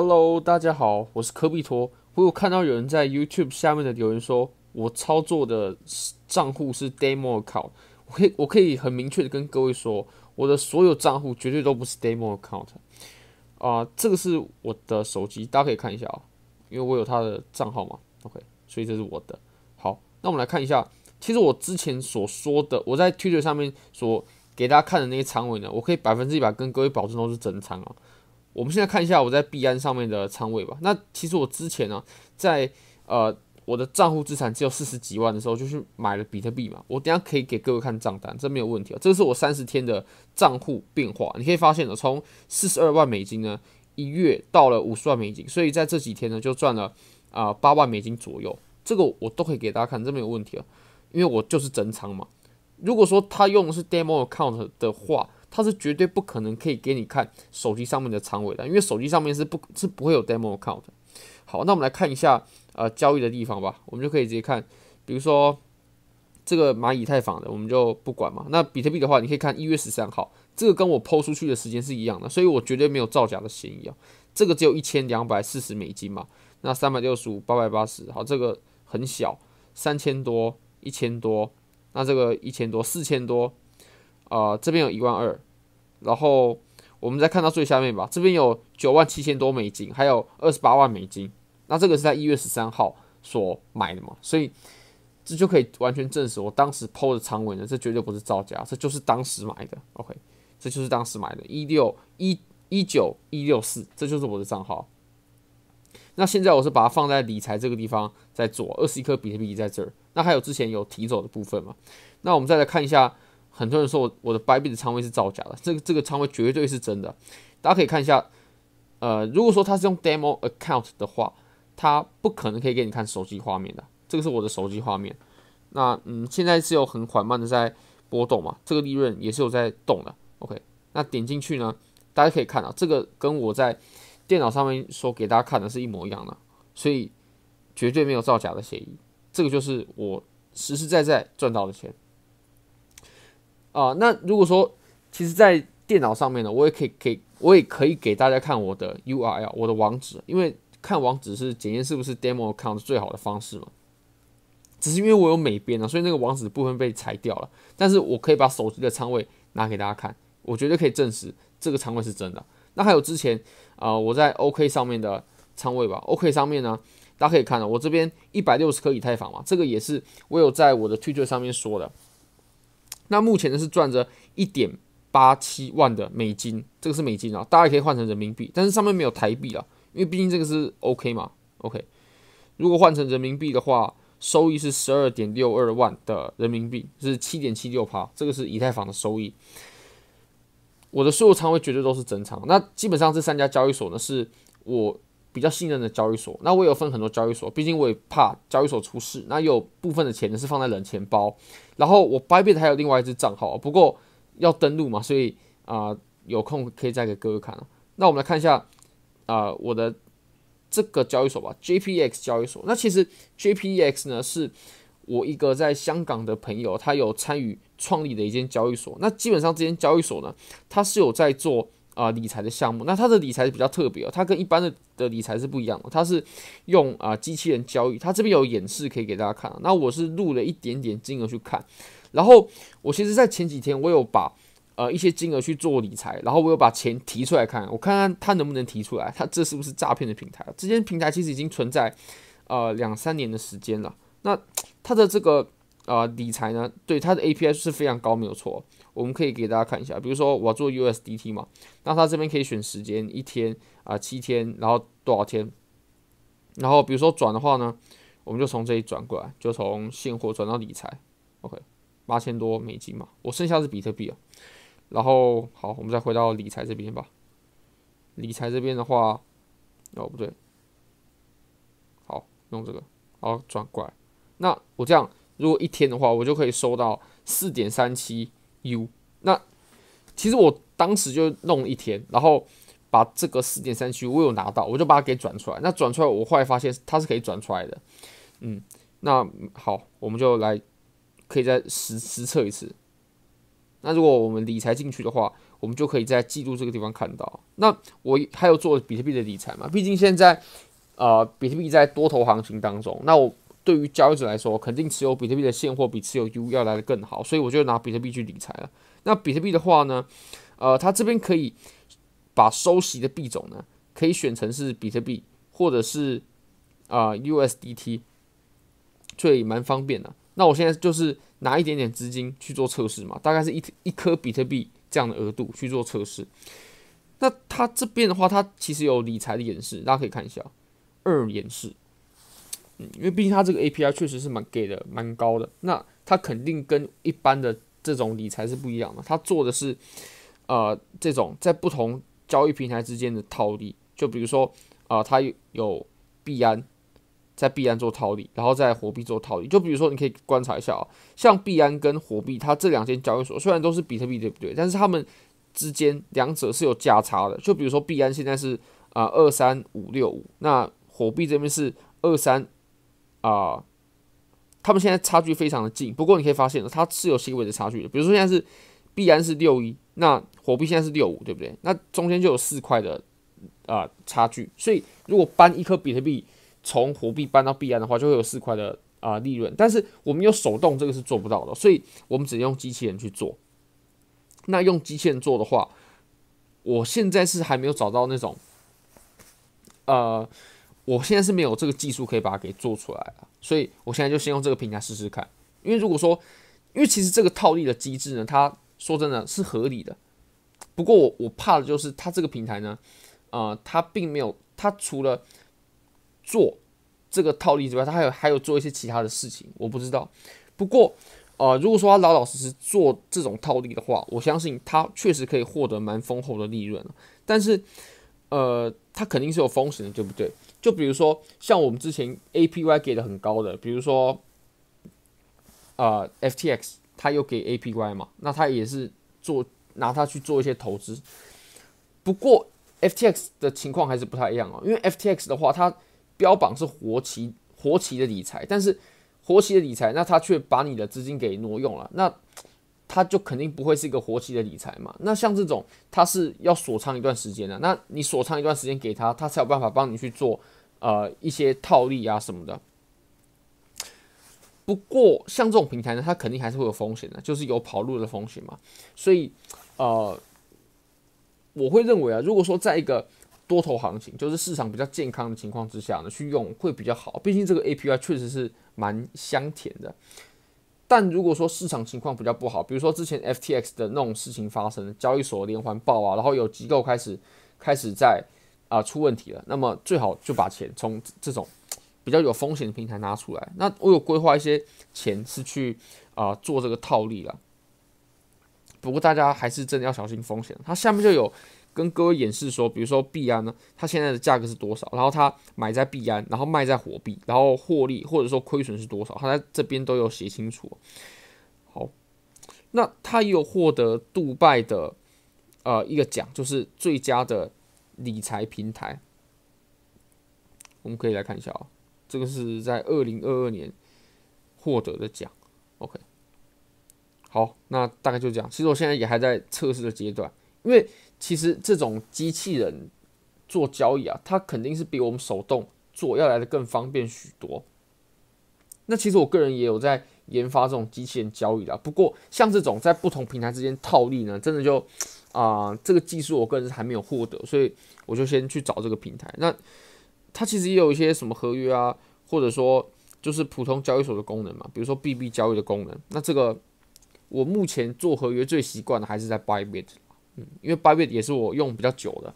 Hello，大家好，我是科幣託。我有看到有人在 YouTube 下面的留言說，我操作的賬戶是 demo account。我可以，我可以很明確的跟各位說，我的所有賬戶絕對都不是 demo account。啊、呃，這個是我的手機，大家可以看一下啊、喔，因為我有他的賬號嘛。OK，所以這是我的。好，那我們來看一下，其實我之前所說的，我在 Twitter 上面所給大家看的那些倉位呢，我可以百分之一百跟各位保證都是真倉啊。我們現在看一下我在幣安上面的倉位吧。那其實我之前呢、啊，在呃我的賬戶資產只有四十幾萬的時候，就去買了比特幣嘛。我等下可以給各位看賬單，這沒有問題。這是我三十天的賬戶變化，你可以發現呢，從四十二萬美金呢一月到了五十萬美金，所以在這幾天呢就賺了啊八、呃、萬美金左右。這個我都可以給大家看，這沒有問題啊。因為我就是整倉嘛。如果說他用的是 demo account 的話，它是絕對不可能可以給你看手機上面的倉位的，因為手機上面是不，是不會有 demo account 的。好，那我們來看一下，呃，交易的地方吧，我們就可以直接看，比如說這個以太坊的，我們就不管嘛。那比特幣的話，你可以看一月十三號，這個跟我拋出去的時間是一樣的，所以我絕對沒有造假的嫌疑啊、喔。這個只有一千兩百四十美金嘛，那三百六十五，八百八十，好，這個很小，三千多，一千多，那這個一千多，四千多，啊、呃，這邊有一萬二。然後我們再看到最下面吧，這邊有九萬七千多美金，還有二十八萬美金，那這個是在一月十三號所買的嘛，所以這就可以完全證實我當時拋的倉位呢，這絕對不是造假，這就是當時買的。OK，這就是當時買的，一六一一九一六四，這就是我的賬號。那現在我是把它放在理財這個地方在，在做二十一顆比特幣在這兒，那還有之前有提走的部分嘛，那我們再來看一下。很多人說我我的 Bybit 的倉位是造假的，這個這個倉位絕對是真的，大家可以看一下，呃，如果說他是用 demo account 的話，他不可能可以給你看手機畫面的，這個是我的手機畫面，那嗯，現在是有很緩慢的在波動嘛，這個利潤也是有在動的，OK，那點進去呢，大家可以看啊，這個跟我在電腦上面說給大家看的是一模一樣的，所以絕對沒有造假的嫌疑，這個就是我實實在在賺到的錢。啊、呃，那如果說，其實，在電腦上面呢，我也可以給，我也可以給大家看我的 URL，我的網址，因為看網址是檢驗是不是 demo account 最好的方式嘛。只是因為我有美編啊，所以那個網址部分被裁掉了，但是我可以把手機的倉位拿給大家看，我絕對可以證實這個倉位是真的。那還有之前啊、呃，我在 OK 上面的倉位吧，OK 上面呢，大家可以看到、哦、我這邊一百六十顆以太坊嘛，這個也是我有在我的推特上面說的。那目前呢是賺着一點八七萬的美金，這個是美金啊，大概可以換成人民幣，但是上面沒有台幣了啊，因為畢竟這個是 OK 嘛，OK。如果換成人民幣的話，收益是十二點六二萬的人民幣，就是七點七六趴，這個是以太坊的收益。我的所有倉位絕對都是真倉，那基本上這三家交易所呢是我。比較信任的交易所，那我有分很多交易所，畢竟我也怕交易所出事。那有部分的錢呢是放在冷錢包，然後我 Bybit 還有另外一支賬號，不過要登錄嘛，所以啊、呃、有空可以再給各位看。那我們來看一下啊、呃、我的這個交易所吧，JPEX 交易所。那其實 JPEX 呢是我一個在香港的朋友，他有參與創立的一間交易所。那基本上這間交易所呢，它是有在做。啊，理財的項目，那它的理財是比較特別哦，它跟一般的的理財是不一樣的，它是用啊、呃、機器人交易，它這邊有演示，可以給大家看。那我是錄了一點點金額去看，然後我其實，在前幾天我有把呃一些金額去做理財，然後我有把錢提出來看，我看看它能不能提出來，它這是不是詐騙的平台？這間平台其實已經存在呃兩三年的時間了，那它的這個啊、呃、理財呢，對它的 API 是非常高，沒有錯。我們可以給大家看一下，比如說我做 USDT 嘛，那它這邊可以選時間，一天啊、呃，七天，然後多少天，然後比如說轉的話呢，我們就從這裡轉過來，就從現貨轉到理財，OK，八千多美金嘛，我剩下是比特幣啊。然後好，我們再回到理財這邊吧。理財這邊的話，哦不對，好，用這個，好，轉過來。那我這樣，如果一天的話，我就可以收到四點三七。u 那其實我當時就弄了一天，然後把這個四點三七我有拿到，我就把它給轉出來。那轉出來，我後來發現它是可以轉出來的。嗯，那好，我們就來可以再實實測一次。那如果我們理財進去的話，我們就可以在記錄這個地方看到。那我還有做比特幣的理財嘛，畢竟現在呃，比特幣在多頭行情當中，那我，對於交易者來說，肯定持有比特幣的現貨比持有 U 要來的更好，所以我就拿比特幣去理財了。那比特幣的話呢，呃，它這邊可以把收息的幣種呢，可以選成是比特幣或者是啊、呃、USDT，所以蠻方便的。那我現在就是拿一點點資金去做測試嘛，大概是一一顆比特幣這樣的額度去做測試。那它這邊的話，它其實有理財的演示，大家可以看一下二演示。因為畢竟它這個 API 確實是蠻給的，蠻高的。那它肯定跟一般的這種理財是不一樣的。它做的是，呃，這種在不同交易平台之間的套利。就比如說，啊、呃，它有幣安，在幣安做套利，然後在火幣做套利。就比如說，你可以觀察一下啊，像幣安跟火幣，它這兩間交易所雖然都是比特幣，對不對？但是它們之間兩者是有價差的。就比如說，幣安現在是啊二三五六五，呃、2, 3, 5, 6, 5, 那火幣這邊是二三。啊、呃，他們現在差距非常的近，不過你可以發現它是有細微的差距的。比如說，現在是幣安是六一，那火幣現在是六五，對不對？那中間就有四塊的啊、呃、差距。所以如果搬一顆比特幣從火幣搬到幣安的話，就會有四塊的啊、呃、利潤。但是我們用手動這個是做不到的，所以我們只能用機器人去做。那用機器人做的話，我現在是還沒有找到那種，呃。我現在是沒有這個技術可以把它給做出來了，所以我現在就先用這個平台試試看。因為如果說，因為其實這個套利的機制呢，它說真的是合理的。不過我我怕的就是它這個平台呢，啊，它並沒有它除了做這個套利之外，它還有還有做一些其他的事情，我不知道。不過啊，呃，如果說它老老實實做這種套利的話，我相信它確實可以獲得蠻豐厚的利潤。但是呃，它肯定是有風險的，對不對？就比如說，像我們之前 APY 給的很高的，比如說，呃，FTX 他又給 APY 嘛？那他也是做拿它去做一些投資。不過 FTX 的情況還是不太一樣哦，因為 FTX 的話，它標榜是活期活期的理財，但是活期的理財，那它卻把你的資金給挪用了，那。它就肯定不會是一個活期的理財嘛，那像這種它是要鎖倉一段時間的，那你鎖倉一段時間給他，他才有辦法幫你去做呃一些套利啊什麼的。不過像這種平台呢，它肯定還是會有風險的，就是有跑路的風險嘛。所以呃，我會認為啊，如果說在一個多頭行情，就是市場比較健康的情況之下呢，去用會比較好，畢竟這個 APY 確實是蠻香甜的。但如果說市場情況比較不好，比如說之前 FTX 的那種事情發生，交易所連環爆啊，然後有機構開始開始在啊、呃、出問題了，那麼最好就把錢從這種比較有風險的平台拿出來。那我有規劃一些錢是去啊、呃、做這個套利了，不過大家還是真的要小心風險。它下面就有。跟各位演示說，比如說幣安呢，它現在的價格是多少？然後它買在幣安，然後賣在火幣，然後獲利或者說虧損是多少？它在這邊都有寫清楚。好，那它也有獲得杜拜的呃一個獎，就是最佳的理財平台。我們可以來看一下啊，這個是在二零二二年獲得的獎。OK，好，那大概就這樣。其實我現在也還在測試的階段，因為。其實這種機器人做交易啊，它肯定是比我們手動做要來的更方便許多。那其實我個人也有在研發這種機器人交易啦，不過像這種在不同平台之間套利呢，真的就啊、呃，這個技術我個人是還沒有獲得，所以我就先去找這個平台。那它其實也有一些什麼合約啊，或者說就是普通交易所的功能嘛，比如說幣幣交易的功能。那這個我目前做合約最習慣的還是在 Bybit。嗯，因為 BYBIT 也是我用比較久的。